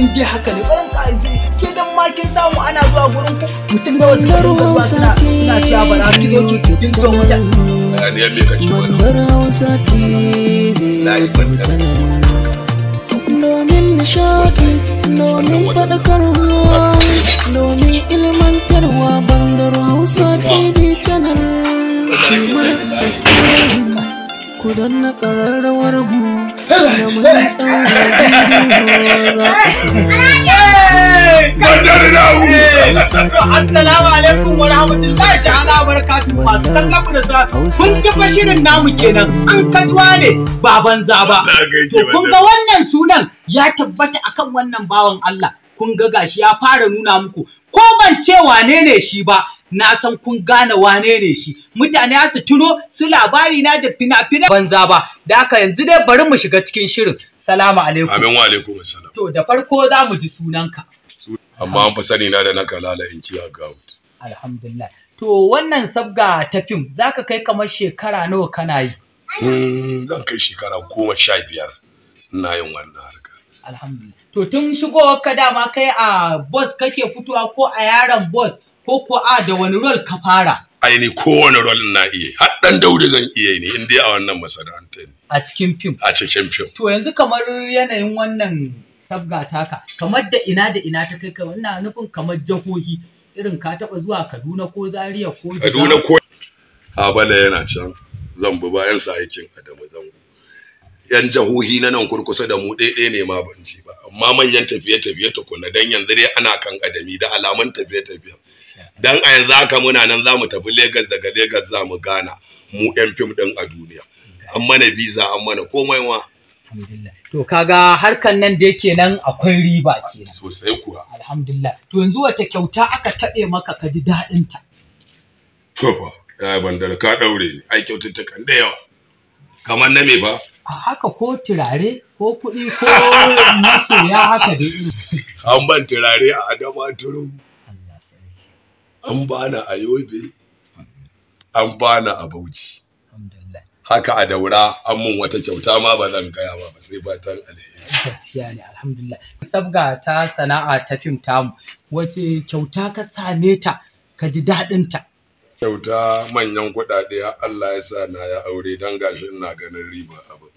in dai haka ne barin ka ke dan ma samu ana zuwa gurin ku mutum da wasu ba na suna cewa bara ki zo ki kin zo domin nishaɗi domin faɗakarwa domin ilmantarwa bandar hausa tv channel ku danna ƙararrawar mu da mun ɗaura za ku samu. Assalamu alaikum wa rahmatullahi ta'ala wa barakatuhu masu sallamu da sa kun ji bashirin namu kenan an kajuwa ne ba banza ba. To kun ga wannan sunan ya tabbata akan wannan bawan Allah. kun ga gashi ya fara nuna muku ko ban ce wane ne shi ba na san kun gane wane ne shi mutane za su tuno su labari na da fina-fina banza ba da haka yanzu dai bari mu shiga cikin shirin salamu alaikum amin wa alaikum assalam to da farko za mu ji sunanka amma an fi sani na da na kalala in kiya alhamdulillah to wannan sabga ta fim zaka kai kamar shekara nawa kana yi hmm, zan kai shekara goma sha biyar ina yin wannan alhamdulillah to tun shigowar ka dama kai a boss kake fitowa ko a yaron boss ko ko a da wani rol ka fara ko kowane rol na iya har dan daudi zan iya ne in dai a wannan masana'anta ne a cikin fim a cikin fim to yanzu kamar yanayin wannan sabga taka kamar da ina da ina ta kai kai wannan nufin kamar jahohi irin ka taba zuwa Kaduna ko Zaria ko Kaduna ko Habana yana can zan bi bayan sa aikin Adamu zango yan jahohi na nan kurkusa da mu ɗaiɗai ne ma ban ji ba amma manyan tafiye-tafiye tukuna dan yanzu dai ana kan adami da alamun tafiye-tafiye dan a yanzu haka muna nan za mu tafi Legas daga Legas za mu gana mu yan fim ɗin a duniya an mana visa an mana komai ma alhamdulillah to kaga harkan nan da yake nan akwai riba ke sosai kuwa alhamdulillah to yanzu wata kyauta aka taɓe maka ka ji daɗin ta to ba ya bandar ka daure ni ai kyaututtukan da yawa kamar na me ba haka ko turare ko kuɗi ko ya haka da yi. an ban turare a adama turu an bana a yobe an bana a bauchi haka a daura an mun wata kyauta ma ba zan gaya ba sai fatan alheri gaskiya ne alhamdulillah sabga ta sana'a ta fim tamu wace kyauta ka same ta ka ji daɗin ta kyauta manyan kuɗaɗe Allah ya sa na ya aure don gashi ina ganin riba abu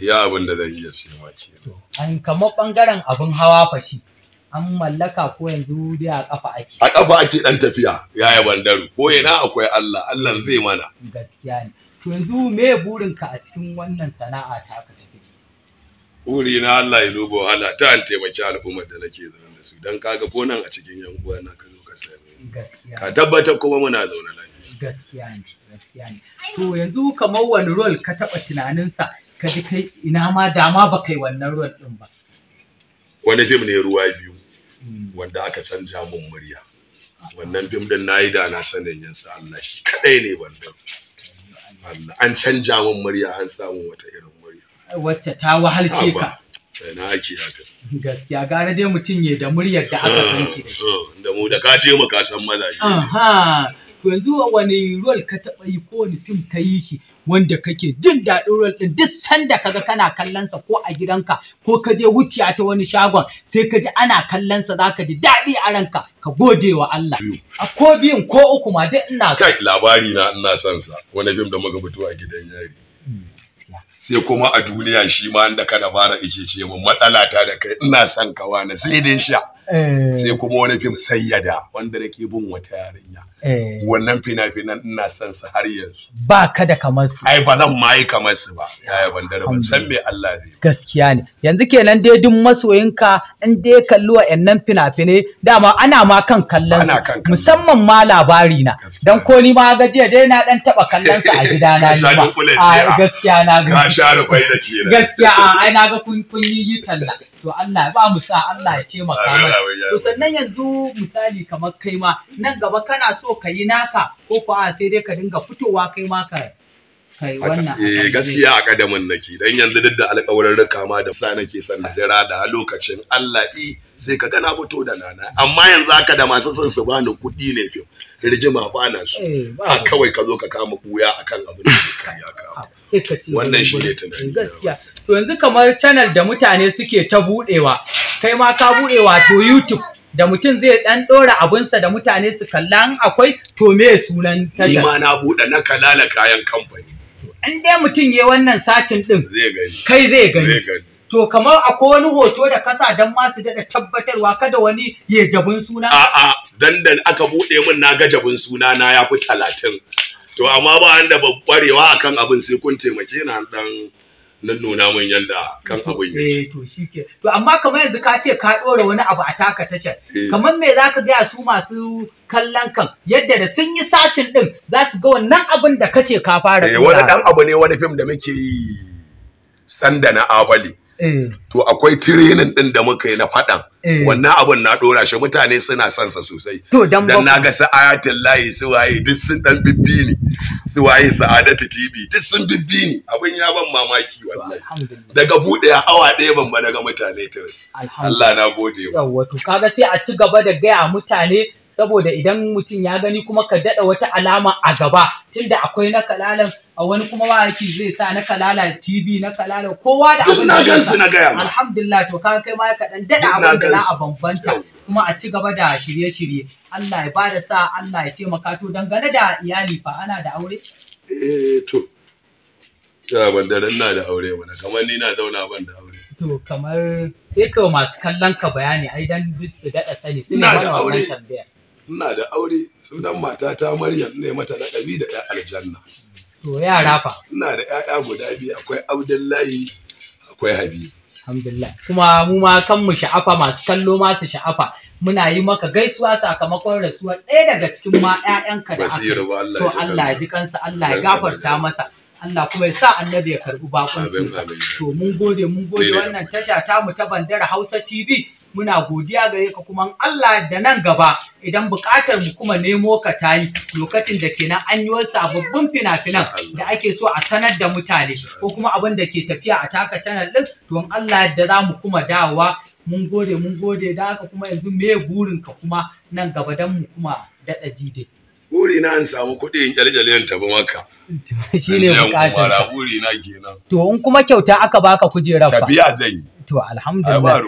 ya abin da zan iya ce maki an kamar ɓangaren abin hawa fashi an mallaka ko yanzu dai a ƙafa ake a ƙafa ake ɗan tafiya yi bandaru ko ina akwai Allah Allah zai mana gaskiya ne to yanzu me burin ka a cikin wannan sana'a ta ka tafi buri na Allah ya dubo wahala ta an taimaki al'ummar da nake zaune da su don kaga ko nan a cikin yan uwa na ka zo ka same gaskiya ka tabbatar kuma muna zaune lafiya gaskiya ne gaskiya ne to yanzu kamar wani rol ka taɓa tunaninsa. ka ji kai ina ma dama ba kai wannan ruwan din ba wani fim ne ruwa biyu hmm. wanda aka canja mun murya wannan fim din nayi da na sanin yansa Allah shi kadai ne wannan Allah an canja mun murya an samu wata irin murya wacce ta wahalshe ka na ake haka gaskiya gara dai mutum ne da muryar da aka san shi ah, ah, da mu da ka ce mu ka san mazaje to yanzu wani rol ka taɓa yi ko wani fim ka yi shi wanda kake jin daɗin rol ɗin duk sanda kaga kana kallon sa ko a gidanka ko ka je wuciya ta wani shagon sai ka ji ana kallon sa zaka ji daɗi a ranka ka gode wa Allah a ko biyun ko uku ma duk ina so kai labari na ina son sa wani fim da muka fito a gidan yari hmm, sai kuma a duniya shi ma da kada fara ike ce mun matsala ta da kai ina son ka wani sai dai sha eh. sai kuma wani fim sayyada wanda nake bin wata yarinya Eh. wannan fina-finan ina son su har yanzu ba ka da kamar su ai ba zan ma yi kamar su ba yaya ban dare ban san me Allah zai gaskiya ne yanzu kenan dai duk masoyinka in dai kalli wa'annan fina-finai dama ana ma kan kallon su musamman ma labari na dan ko ni ma ga jiya dai na dan taba kallon sa a gida na ni ma a gaskiya na ga gaskiya a ai na ga kun kun yi talla to Allah ba mu sa Allah ya taimaka mana to sannan yanzu misali kamar kai ma nan gaba kana so so ka yi naka ko ko a sai dai ka dinga fitowa kai ma ka kai wannan eh gaskiya a kadamin nake dan yanzu duk da alƙawarin rika ma da sa nake son na jira da lokacin Allah i sai ka gana fito da nana amma yanzu haka da masu son su bani kuɗi ne fi rigima bana su ba eh, kawai ka zo ka kama buya akan abin da ya kawo wannan shi ne tunani gaskiya to yanzu kamar channel da mutane suke ta budewa kai ma ka budewa to YouTube da mutum zai dan dora abunsa da mutane su kalla in akwai to me sunan tashar. Ni na buɗe na kalala kayan kamfani. In dai mutum ya wannan sacin ɗin. Zai gani. Kai zai gani. To kamar akwai wani hoto da kasa don masu daɗa tabbatarwa kada wani ya jabin suna? A'a, dan da aka buɗe min na ga jabin suna na yafi fi talatin. To amma ba da babbarewa akan abin sai kun taimake na dan. nan nuna mun yanda kan abin eh, yake. Eh to shike. To amma kamar yanzu ka ce ka ɗora wani abu a taka tashar. Eh. Kamar me za ka gaya su masu kallon kan yadda da sun yi sacin ɗin za su ga wannan abin da ka ce ka fara. Eh wani ɗan abu ne wani fim da muke yi sanda na abali. Eh. to akwai tirenin din da muka yi na faɗan eh. wannan abun na ɗora shi mutane suna son sa sosai dan na ga su ayatul lahi su waye duk sun dan bibbi ni su waye sa'adatu tv duk sun bibbi ni Abun ya ban mamaki wallahi daga bude hawa ɗaya ban ba daga mutane ta Allah na gode yawa to kaga sai a ci gaba da gaya mutane saboda idan mutum ya gani kuma ka daɗa wata alama a gaba tunda akwai na kalalan a wani kuma waki zai sa na kalala TV na kalala kowa da abin da gansu na gaya alhamdulillah to ka kai ma ka dan dada abin da za a bambanta kuma a ci gaba da shirye-shirye Allah ya bada sa Allah ya taimaka to dangane da iyali fa ana da aure eh to ya ban da na da aure mana kamar ni na zauna ban da aure to kamar sai ka masu kallon ka bayani ai dan duk su gada sani su ne wannan tambayar ina da aure sunan matata maryam ne mata laƙabi da ya aljanna to yara fa ina da ƴaƴa guda biyu akwai abdullahi akwai habibu alhamdulillah kuma mu ma kan mu sha'afa masu kallo masu sha'afa muna yi maka gaisuwa sakamakon rasuwar ɗaya daga cikin ma ƴaƴanka da aka to Allah ya ji kansa Allah ya gafarta masa Allah kuma ya sa annabi ya karbi bakoncinsa to mun gode mun gode wannan tasha ta mu ta bandara Hausa TV muna godiya gare ka kuma Allah da nan gaba idan bukatar mu kuma nemo ka tayi lokacin da kenan an yi wasu sababbin fina-finan da ake so a sanar da mutane ko kuma abin da ke tafiya a taka channel ɗin, to Allah da za mu kuma dawowa mun gode mun gode da haka kuma yanzu me burin ka kuma nan gaba dan mu kuma daɗa jide. buri na in samu kuɗi in kyalkyale in tafi maka shine bukatar buri na kenan to in kuma kyauta aka baka kujerar fa tafiya zan yi to alhamdulillah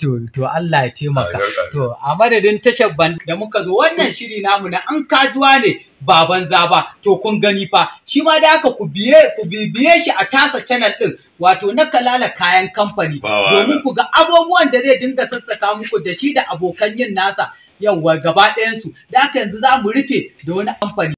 to to Allah ya taimaka to a madadin tashar ban da muka zo wannan shiri namu na an kajuwa ne Baban Zaba, ba to kun gani fa shi ma da ku biye ku bibiye shi a tasa channel din wato na kalala kayan kamfani domin ku ga abubuwan da zai dinga sassaka muku da shi da abokan yin nasa yawwa gaba ɗayansu da haka yanzu za mu rufe da wani amfani